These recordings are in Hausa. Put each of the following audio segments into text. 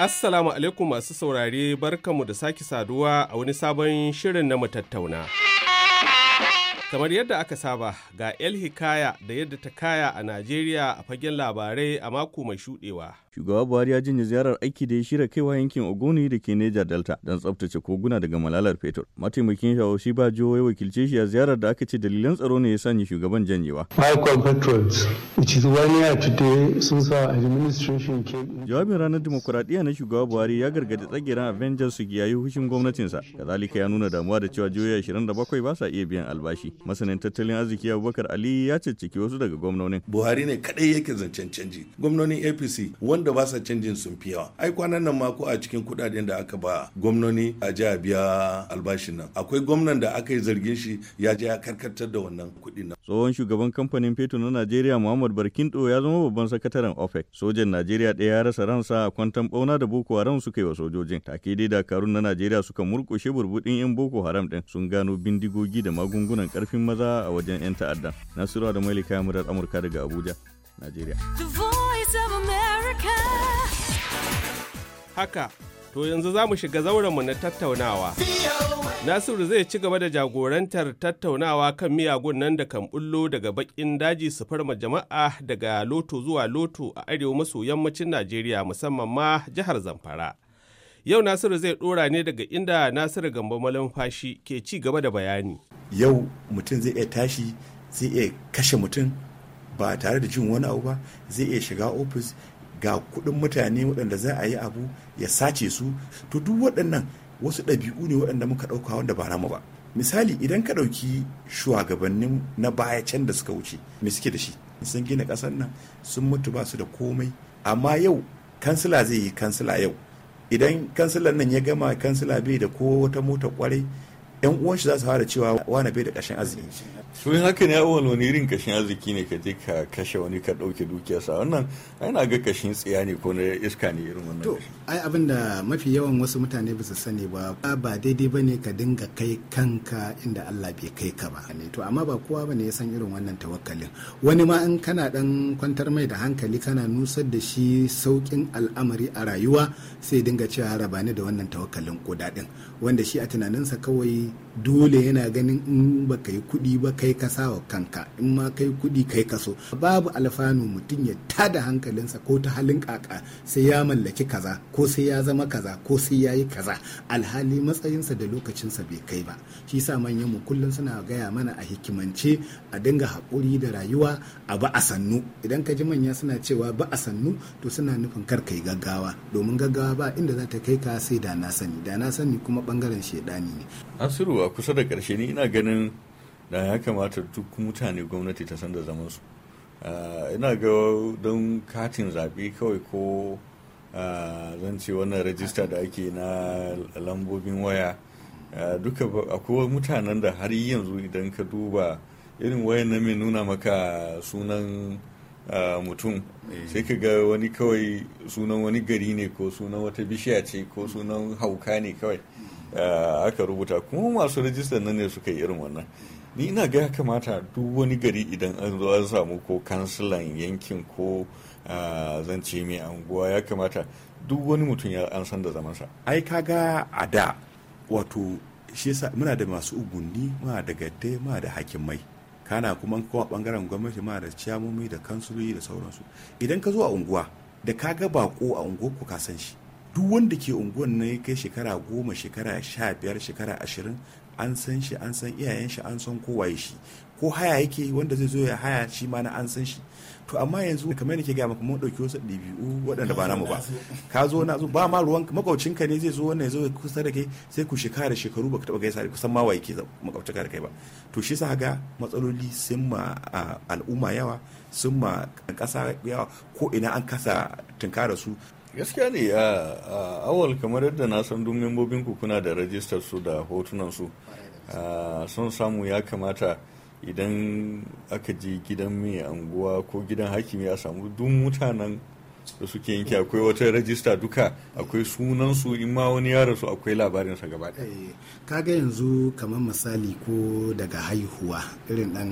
Assalamu alaikum masu saurare barkamu da sake saduwa a wani sabon shirin na mu tattauna. Kamar yadda aka saba ga El Hikaya da yadda ta kaya a Najeriya a fagen labarai a mako mai shudewa. Shugaba Buhari ya jinya ziyarar aiki da ya shirya kaiwa yankin Ogoni da ke neja Delta don tsabtace koguna daga malalar fetur. Mataimakin ba Bajo ya wakilce shi a ziyarar da aka ce dalilan tsaro ne ya sanya shugaban janyewa. Jawabin ranar dimokuraɗiyya na shugaba Buhari ya gargadi tsagiran Avengers su giyayi hushin gwamnatinsa. Kazalika ya nuna damuwa da cewa jihohi 27 ba sa iya biyan albashi. masanin tattalin arziki abubakar ali ya cicciki wasu daga gwamnonin buhari ne kadai yake zancen canji gwamnonin apc wanda ba sa canjin sun fi yawa ai kwanan nan ma ko a cikin kudaden da aka ba gwamnoni a jiha biya albashin nan akwai gwamnan da aka yi zargin shi ya je ya karkatar da wannan kuɗi nan tsohon shugaban kamfanin fetur na najeriya muhammad barkindo ya zama babban sakataren opec sojan najeriya ɗaya ya rasa ransa a kwantan bauna da boko haram suka yi wa sojojin take dai dakarun na najeriya suka murƙushe burbuɗin yan boko haram ɗin sun gano bindigogi da magungunan ƙarfi zarafin maza a wajen 'yan ta'adda nasiru da mailika murar amurka daga abuja najeriya haka to yanzu za mu shiga zaurenmu na tattaunawa nasiru zai ci gaba da jagorantar tattaunawa kan miyagun nan da kan bullo daga bakin daji su farma jama'a daga loto zuwa loto a arewa maso yammacin najeriya musamman ma jihar zamfara Yau Nasiru zai ɗora ne daga inda Nasiru Gambo Malamfashi ke ci gaba da bayani. Yau mutum zai iya tashi zai iya kashe mutum ba tare da jin wani abu ba zai iya shiga ofis ga kuɗin mutane waɗanda za a yi abu ya sace su to duk waɗannan wasu ɗabi'u ne waɗanda muka ɗauka wanda ba namu ba misali idan ka ɗauki shugabannin na baya can da suka wuce me suke da shi sun gina ƙasar nan sun mutu ba su da komai amma yau kansila zai yi kansila yau idan kansila nan ya gama kansila bai da ko wata mota kwarai yan uwan shi za su fara cewa wane bai da kashin arziki su yin haka ne a wani irin kashin arziki ne ka je ka kashe wani ka ɗauke dukiyarsa wannan na ga kashin tsiya ne ko na iska ne irin wannan to ai abin da mafi yawan wasu mutane ba su sani ba ba daidai ba ne ka dinga kai kanka inda Allah bai kai ka ba to amma ba kowa ba ne ya san irin wannan tawakkalin wani ma in kana dan kwantar mai da hankali kana nusar da shi saukin al'amari a rayuwa sai dinga cewa raba ni da wannan tawakkalin kuda daɗin wanda shi a tunaninsa kawai Amen. dole yana ganin in ba ka yi kuɗi ba kai ka sawa kanka in ma kai kuɗi kai kaso. so babu alfanu mutum ya tada hankalinsa ko ta halin kaka sai ya mallaki kaza ko sai ya zama kaza ko sai ya yi kaza alhali matsayinsa da lokacinsa bai kai ba shi sa manyan mu kullum suna gaya mana a hikimance a dinga haƙuri da rayuwa a ba a sannu idan ka ji manya suna cewa ba a sannu to suna nufin kar kai gaggawa domin gaggawa ba inda za ta kai ka sai da na sani da na sani kuma bangaren shaidani ne asiru a kusa da ƙarshe ni ina ganin da ya kamata duk mutane gwamnati ta san da zaman su ah, ina ga don katin zaɓe kawai ko ah, zan ce wannan rajista da ake na lambobin waya ah, duka akwai mutanen da har yanzu idan ka duba irin wayan na mai nuna maka sunan mutum eh. sai ka ga wani kawai sunan wani gari ne ko sunan wata bishiya ce ko sunan hauka ne kawai aka rubuta kuma masu rajistar nan ne suka yi irin wannan ni ina ga kamata duk wani gari idan an zo an samu ko kansilan yankin ko zance mai anguwa ya kamata duk wani mutum ya an san da zamansa ai ga a da wato shi yasa muna da masu ugunni muna da gadde muna da hakimai kana kuma kowa bangaren gwamnati ma da ciyamomi da kansuloli da sauransu idan ka zo a unguwa da ka ga bako a unguwar ku ka san shi duk wanda ke unguwan nan ya kai shekara goma shekara sha biyar shekara ashirin an san shi an san iyayen shi an san kowaye shi ko haya yake wanda zai zo ya haya shi ma na an san shi to amma yanzu kamar nake ga maka mun dauki wasu dabi'u waɗanda ba namu ba ka zo na zo ba ma ruwan ka ne zai zo wannan ya zo kusa da kai sai ku shekara shekaru baka taba gaisa da kusan ma yake ke ka da kai ba to shi sa ga matsaloli sun ma al'umma yawa sun ma ƙasa yawa ko ina an kasa tunkara su gaskiya ne a awal kamar yadda na san duk membobin ku kuna da rajistar su da hotunan su Ah, son samu ya kamata idan aka je gidan mai anguwa ko gidan hakimi a samu duk mutanen da suke yanki akwai wata rajista duka akwai sunansu in ma wani ya rasu akwai labarinsa gaba eh, kaga yanzu kamar misali ko daga haihuwa irin dan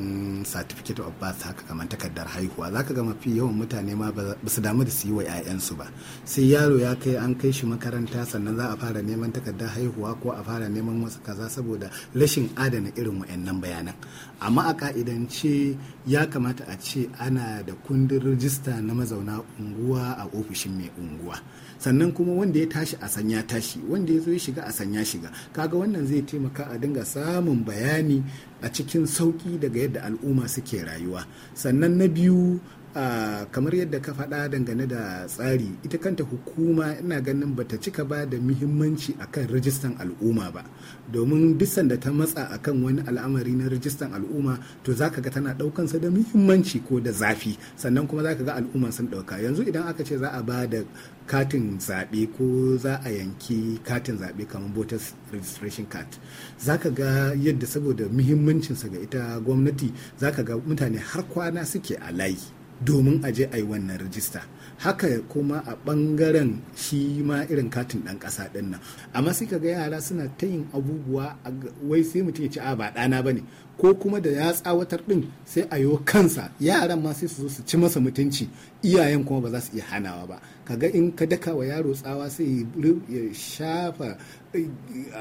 certificate of birth haka kamar takardar haihuwa zaka ga mafi yawan mutane ma ba su damu da su yi wa 'ya'yansu ba sai yaro ya kai an kai shi makaranta sannan za a fara neman takardar haihuwa ko a fara neman wasu kaza saboda rashin adana irin wa'annan bayanan amma a ka'idance ya kamata a ce ana da kundin rajista na mazauna unguwa zuwa a ofishin mai unguwa sannan kuma wanda ya tashi a sanya tashi wanda ya zo ya shiga a sanya shiga kaga wannan zai taimaka a dinga samun bayani a cikin sauki daga yadda al'umma suke rayuwa sannan na biyu kamar yadda ka faɗa dangane da tsari ita kanta hukuma ina ganin bata cika ba da muhimmanci akan rijistan al'umma ba domin bisan da ta matsa akan wani al'amari na rijistan al'umma to zaka ga tana ɗaukansa da muhimmanci ko da zafi sannan kuma zaka ga al'umma sun ɗauka yanzu idan aka ce za a ba da katin zaɓe ko za a yanki katin zaɓe kamar voters registration card zaka ga yadda saboda muhimmancinsa ga ita gwamnati zaka ga mutane har kwana suke a layi domin a je a yi wannan rijista haka kuma a bangaren shi ma irin katin ɗan ƙasa ɗinnan. nan amma sai kaga yara suna ta yin abubuwa wai sai mutum ya ci a ba ɗana bane ko kuma da ya tsawatar ɗin sai a yo kansa yaran ma sai su zo su ci masa mutunci iyayen kuma ba za su iya hanawa ba kaga in ka daka wa yaro tsawa sai ya shafa eh,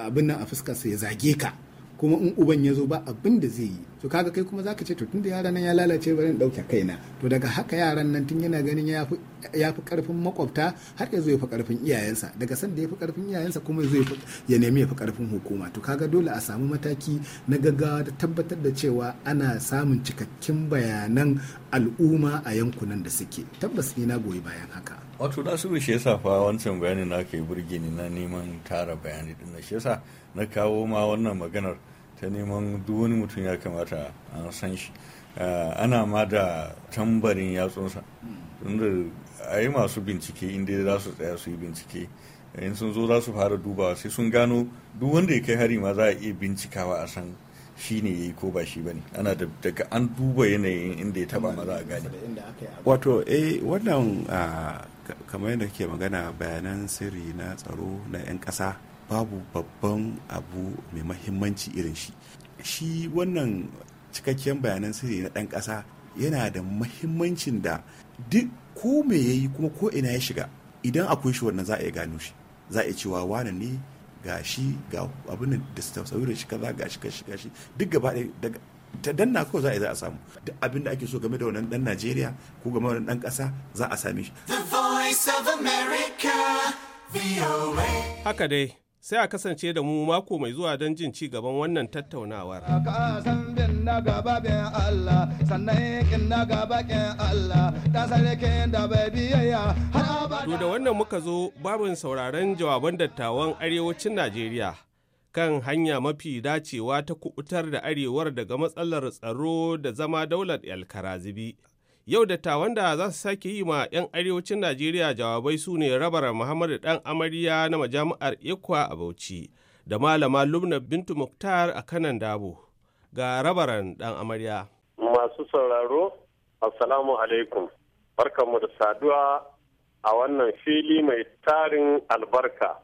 abin nan a fuskarsa ya zage ka kuma in uban ya zo ba abin da zai yi to kaga kai kuma zaka ce to tunda yaran nan ya lalace bari in dauke kaina to daga haka yaran nan tun yana ganin ya fi karfin makwabta har yanzu zo ya fi karfin iyayensa daga san da ya fi karfin iyayensa kuma ya ya nemi ya fi karfin hukuma to kaga dole a samu mataki na gaggawa da tabbatar da cewa ana samun cikakken bayanan al'umma a yankunan da suke tabbas ni na goyi bayan haka wato da su shi yasa fa wancan bayani na kai burge ni na neman tara bayani din shi yasa na kawo ma wannan maganar ta neman duk wani mutum ya kamata an san shi ah, ana ma da tambarin yatsunsa tunda a yi masu bincike inda za su tsaya su yi bincike in sun zo za su fara dubawa sai sun gano duk wanda ya kai hari ma za a iya bincikawa a san shi ne ya yi ko ba shi ba ne ana daga an duba yanayin inda ya taba maza a gane wato eh wannan ah, kamar yadda ke magana bayanan sirri na tsaro na 'yan ƙasa babu babban abu mai mahimmanci irin shi shi wannan cikakken bayanan sirri na ɗan ƙasa yana da mahimmancin da duk ko me ya yi kuma ko ina ya shiga idan akwai shi wannan za a iya gano shi za a iya cewa wane ne ga shi ga abin da saurin shi kaza ga shi ga shi duk gaba daga ta danna kawai za a yi za a samu duk abin da ake so game da wannan dan Najeriya ko game da wannan dan ƙasa za a same shi. The Voice of America, Haka dai, sai a kasance da mu mako mai zuwa don jin ci gaban wannan tattaunawar. To da wannan muka zo babin sauraron jawaban dattawan arewacin Najeriya kan hanya mafi dacewa ta kubutar da arewar daga matsalar tsaro da zama daular El Karazibi. Yau dattawan da za su sake yi ma 'yan arewacin Najeriya jawabai su ne rabar Muhammadu Dan Amarya na majami'ar Ikwa a Bauchi da malama Lubna Bintu Muktar a kanan Dabo ga rabaran Dan Amarya. Masu sauraro, Assalamu alaikum. Barkanmu da saduwa a wannan fili mai tarin albarka.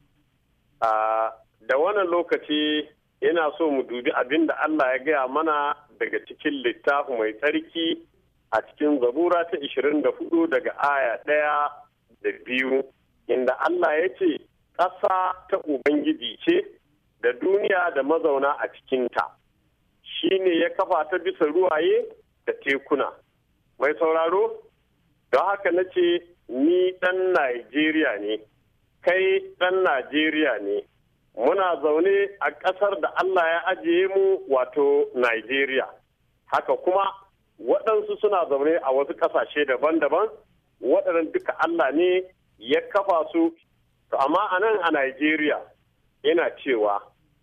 Da wannan lokaci yana so mu dubi abin da Allah ya gaya mana daga cikin littafi mai tsarki. a cikin zabura ta 24 daga aya ɗaya da biyu inda Allah ya ce ƙasa ta Ubangiji ce da duniya da mazauna a cikinta shi ne ya kafa ta bisa ruwaye da tekuna mai sauraro don haka na ce ni ɗan Najeriya ne kai ɗan Najeriya ne muna zaune a ƙasar da Allah ya ajiye mu wato Najeriya haka kuma waɗansu suna zaune a wasu ƙasashe daban-daban waɗannan duka Allah ne ya kafa su to amma a nan a Najeriya yana cewa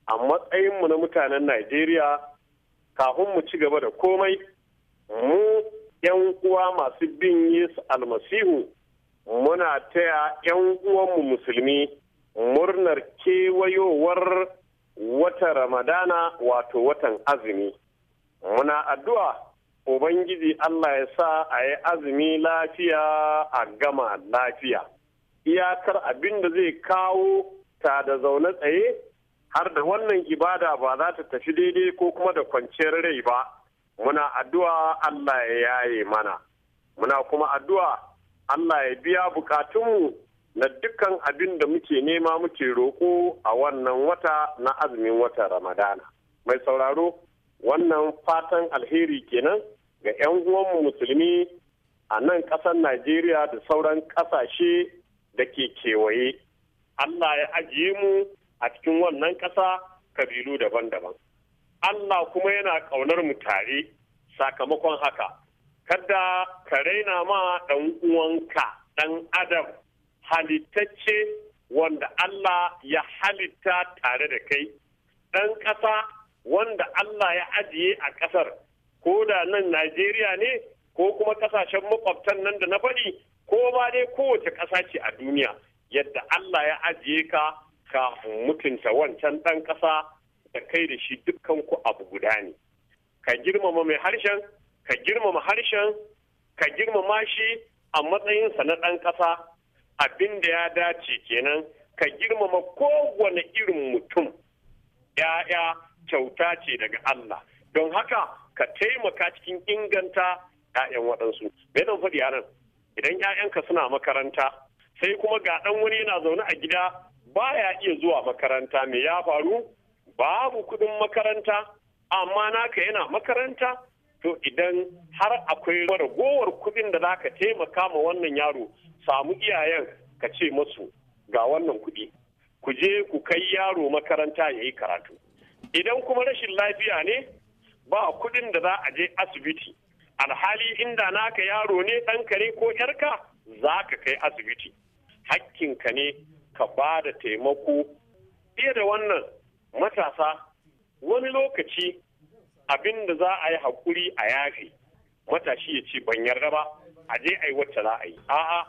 a matsayinmu na mutanen Najeriya kafin mu ci gaba da komai mu 'yan uwa masu bin Yesu almasihu muna taya 'yan uwanmu musulmi murnar kewayowar wata ramadana wato watan azumi muna addu'a Ubangiji Allah ya sa a yi azumi lafiya a gama lafiya. Iyakar abin da zai kawo ta da zaune tsaye har da wannan ibada ba za ta tafi daidai ko kuma da kwanciyar rai ba. Muna addu'a Allah ya yaye mana. Muna kuma addu'a Allah ya biya bukatunmu na dukkan abin da muke nema muke roƙo a wannan wata na azumin wata Ramadana. Mai sauraro, wannan fatan alheri kenan ga 'yan uwanmu musulmi a nan ƙasar najeriya da sauran ƙasashe da ke kewaye allah ya ajiye mu a cikin wannan ƙasa kabilu daban-daban allah kuma yana ƙaunar mu tare sakamakon haka kada ka raina ma ɗan uwanka ɗan adam halittacce wanda allah ya halitta tare da kai ɗan ƙasa wanda Allah ya ajiye a ƙasar ko da nan Najeriya ne ko kuma ƙasashen makwabtan nan da na faɗi ko ma dai kowace ƙasa ce a duniya yadda Allah ya ajiye ka ka mutunta wancan ɗan ƙasa da kai da shi dukkan ku abu guda ne ka girmama mai harshen ka girmama harshen ka girmama shi a matsayinsa na ɗan ƙasa abin da ya dace kenan ka girmama kowane irin mutum ya'ya kyauta ce daga Allah don haka ka taimaka cikin inganta 'ya'yan waɗansu me zan faɗi yaran idan 'ya'yanka suna makaranta sai kuma ga ɗan wani yana zaune a gida baya iya zuwa makaranta me ya faru babu kuɗin makaranta amma naka yana makaranta to idan har akwai ragowar kuɗin da za ka taimaka ma wannan yaro samu iyayen ka ce masu ga wannan kuɗi ku je ku kai yaro makaranta ya yi karatu idan kuma rashin lafiya ne ba kuɗin da za a je asibiti alhali inda naka yaro ne ɗanka ne ko yarka za ka kai asibiti hakkinka ne ka ba da taimako fiye da wannan matasa wani lokaci abin da za a yi hakuri a yafi matashi ya ce ban yarda ba a je a yi wacce za a yi a'a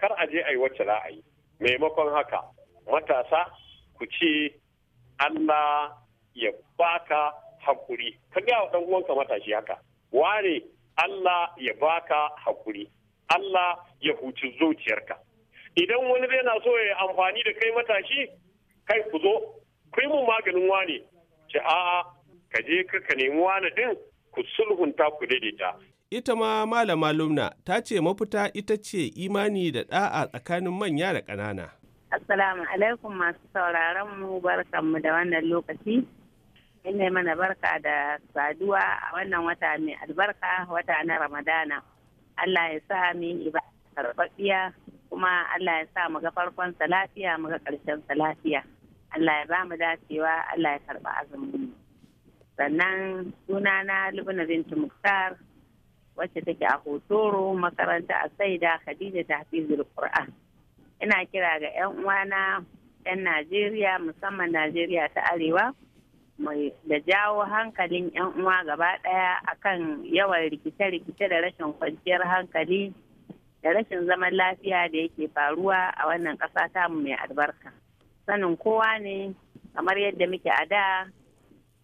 kar a je a yi wacce za a yi maimakon haka matasa ku ce Allah ya baka hakuri ka gaya wa ɗan uwanka matashi haka ware Allah ya baka hakuri Allah ya huci zuciyarka idan wani yana so ya yi amfani da kai matashi kai ku zo kai mu maganin wane ce a'a ka je ka nemi wane din ku sulhunta ku daidaita ita ma malama lumna ta ce mafita ita ce imani da ɗa'a tsakanin manya da ƙanana. Assalamu alaikum masu sauraron mu barkanmu da wannan lokaci. ina mana barka da saduwa a wannan wata mai albarka wata na ramadana allah ya sa mu ibada karɓaɓɓiya kuma allah ya sa mu ga farkon sa lafiya mu ga ƙarshen sa lafiya allah ya ba mu dacewa allah ya karɓa azumin sannan suna na lubna bintu muktar wacce take a hotoro makaranta a saida khadija tahfizul qur'an ina kira ga 'yan uwana 'yan najeriya musamman najeriya ta arewa da jawo hankalin 'yan uwa gaba ɗaya akan yawan rikice-rikice da rashin kwanciyar hankali da rashin zaman lafiya da yake faruwa a wannan ƙasa tamu mai albarka sanin kowa ne kamar yadda muke a da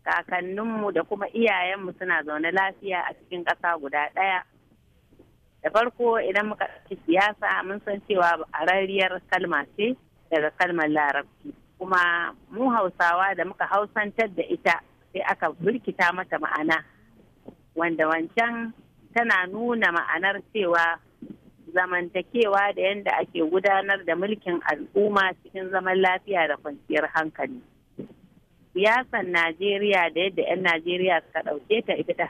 kakanninmu da kuma iyayenmu suna zaune lafiya a cikin ƙasa guda ɗaya da farko idan muka ci siyasa mun san cewa a rariyar kalma ce daga kalmar larabci kuma mu hausawa da muka hausantar da ita sai aka birkita mata ma'ana wanda wancan tana nuna ma'anar cewa zamantakewa da yadda ake gudanar da mulkin al'umma cikin zaman lafiya da kwanciyar hankali siyasar najeriya da yadda 'yan najeriya suka ɗauke ta ita ta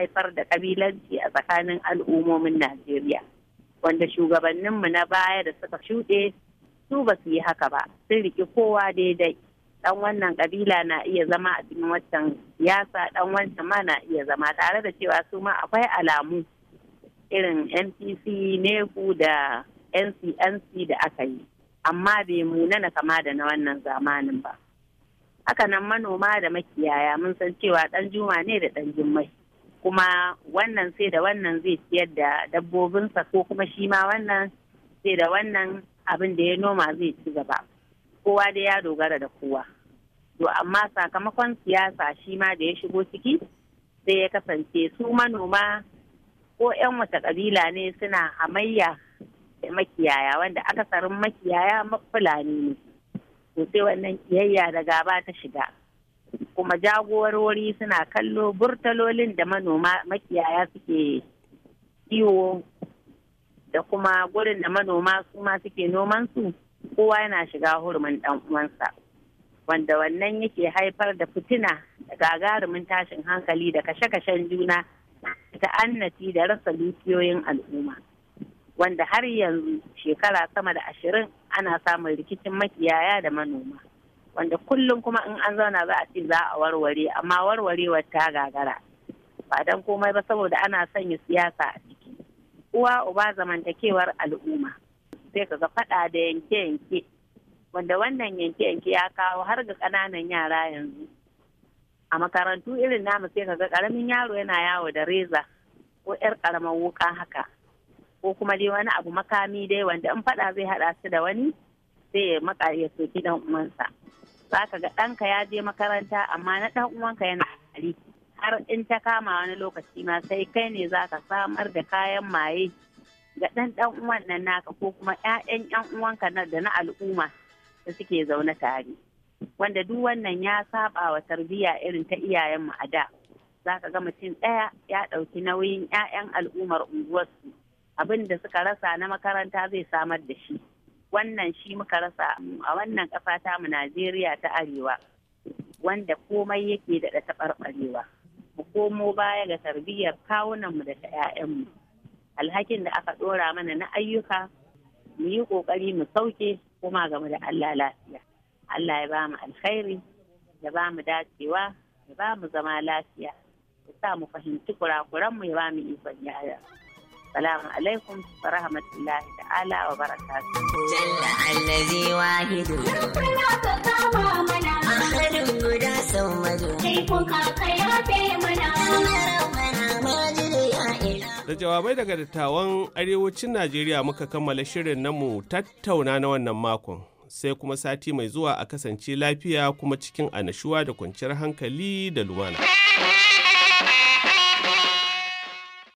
haifar da kabilanci a tsakanin al'ummomin najeriya wanda shugabanninmu na baya da suka shuɗe su ba su yi haka ba sun riƙe kowa daidai dan wannan kabila na iya zama a cikin wancan yasa dan wancan ma na iya zama tare da cewa su ma akwai alamu irin npc neku da ncnc da aka yi amma bai munana kama da na wannan zamanin ba hakanan manoma da makiyaya mun san cewa dan juma ne da dan jummai kuma wannan sai da wannan zai ciyar da dabbobinsa ko kuma shi ma wannan sai da wannan abin da ya noma zai ci gaba kowa da ya dogara da kowa to amma sakamakon siyasa shi ma da ya shigo ciki sai ya kasance su manoma ko 'yan wata kabila ne suna hamayya da makiyaya wanda akasarin makiyaya fulani ne to sai wannan kiyayya da gaba ta shiga kuma jagorori suna kallo burtalolin da manoma makiyaya suke kiwo da kuma gurin da manoma su ma suke noman su kowa yana shiga hurumin dan uwansa wanda wannan yake haifar da fitina da gagarumin tashin hankali da kashe-kashen juna ta annati da rasa dukiyoyin al'umma wanda har yanzu shekara sama da ashirin ana samun rikicin makiyaya da manoma wanda kullum kuma in an zauna za a ce za a warware amma warwarewar ta gagara ba don komai ba saboda ana sanya siyasa a ciki uwa uba zamantakewar al'umma sai ka ga faɗa da yanke-yanke wanda wannan yanke-yanke ya kawo har ga ƙananan yara yanzu a makarantu irin namu sai ka ga ƙaramin yaro yana yawo da reza ko 'yar ƙaramar wuka haka ko kuma dai wani abu makami dai wanda in faɗa zai haɗa su da wani sai ya maka ya soki dan uwansa za ka ga ɗanka ya je makaranta amma na ɗan uwanka yana ƙari har in ta kama wani lokaci ma sai kai ne za ka samar da kayan maye ga ɗan ɗan uwan nan naka ko kuma 'ya'yan 'yan uwanka na da na al'umma da suke zaune tare wanda duk wannan ya saba wa tarbiyya irin ta iyayen mu a da za ka ga mutum ɗaya ya ɗauki nauyin 'ya'yan al'ummar unguwarsu abin da suka rasa na makaranta zai samar da shi wannan shi muka rasa a wannan ƙasa ta mu najeriya ta arewa wanda komai yake da taɓarɓarewa mu komo baya ga tarbiyyar kawunanmu da ta 'ya'yanmu alhakin da aka ɗora mana na ayyuka mu yi ƙoƙari mu sauke kuma game da Allah lafiya Allah ya ba mu alkhairi ya ba mu dacewa ya ba mu zama lafiya ya sa mu fahimci kurakuranmu ya ba mu ikon yaya. Assalamu alaikum wa rahmatullahi ta'ala wa barakatu. Jalla Da jawabai daga dattawan arewacin Najeriya muka kammala shirin namu tattauna na wannan makon. Sai kuma sati mai zuwa a kasance lafiya kuma cikin anashuwa da kwanciyar hankali da lumana.